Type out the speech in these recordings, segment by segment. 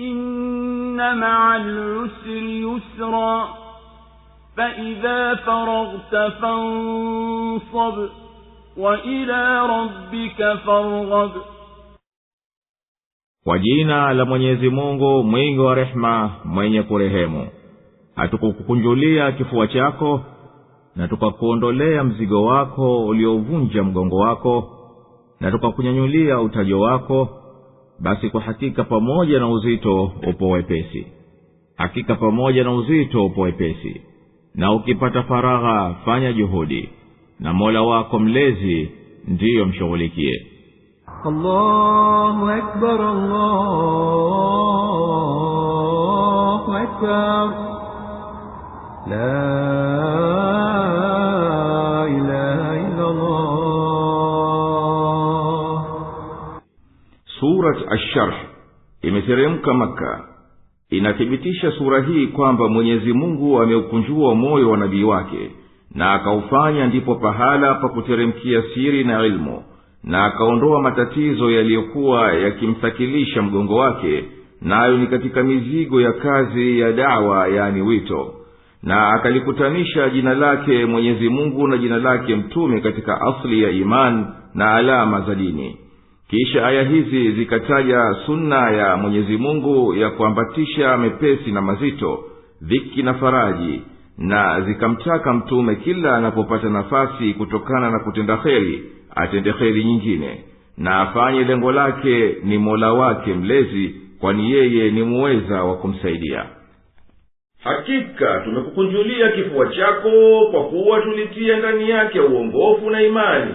إن مع العسر يسرا فإذا فرغت فانصب وإلى ربك فارغب kwa jina la mwenyezi mungu mwingi wa rehema mwenye kurehemu hatukukukunjulia kifua chako na tukakuondolea mzigo wako uliovunja mgongo wako na tukakunyanyulia utajo wako basi kwa hakika pamoja na uzito upo wepesi hakika pamoja na uzito upo wepesi na ukipata faragha fanya juhudi na mola wako mlezi ndiyo mshughulikie La surat asharh imeteremka makka inathibitisha sura hii kwamba mwenyezi mungu ameukunjua moyo wa nabii wake na akaufanya ndipo pahala pa kuteremkia siri na ilmu na akaondoa matatizo yaliyokuwa yakimthakilisha mgongo wake nayo na ni katika mizigo ya kazi ya dawa yani wito na akalikutanisha jina lake mwenyezi mungu na jina lake mtume katika asli ya iman na alama za dini kisha aya hizi zikataja sunna ya mwenyezi mungu ya kuambatisha mepesi na mazito dhiki na faraji na zikamtaka mtume kila anapopata nafasi kutokana na kutenda kheri atende kheri nyingine na afanye lengo lake ni mola wake mlezi kwani yeye ni muweza wa kumsaidia hakika tumekukunjulia kifua chako kwa kuwa tulitia ndani yake uongofu na imani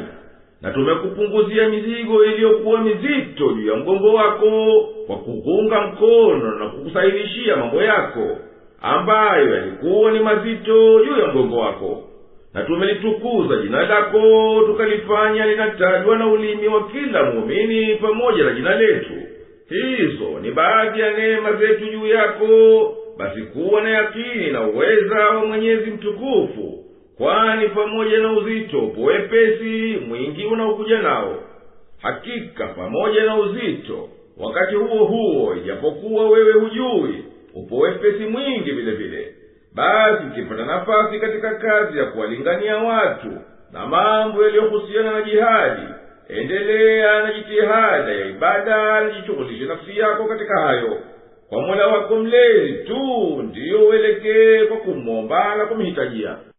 na tumekupunguzia mizigo iliyokuwa mizito juu ya mgongo wako kwa kukunga mkono na kukusahilishia mambo yako ambayo yalikuwa ni mazito juu ya mgongo wako na tumelitukuza jina lako tukalifanya linatajwa na ulimi wa kila muumini pamoja na jina letu hizo ni baadhi ya neema zetu juu yako basi kuwa na yakini na uweza wa mwenyezi mtukufu kwani pamoja na uzito upo wepesi mwingi unaokuja nawo hakika pamoja na uzito wakati huo huo ijapokuwa wewe hujuwi upo wepesi mwingi vile vile basi ukipata nafasi katika kazi ya kuwalingania watu na mambo yaliyohusiana na jihadi endelea na jitihada ya ibada na nafsi yako katika hayo kwa mola wako mlezi tu ndiyo uelekee kwa kumwomba na kumhitajia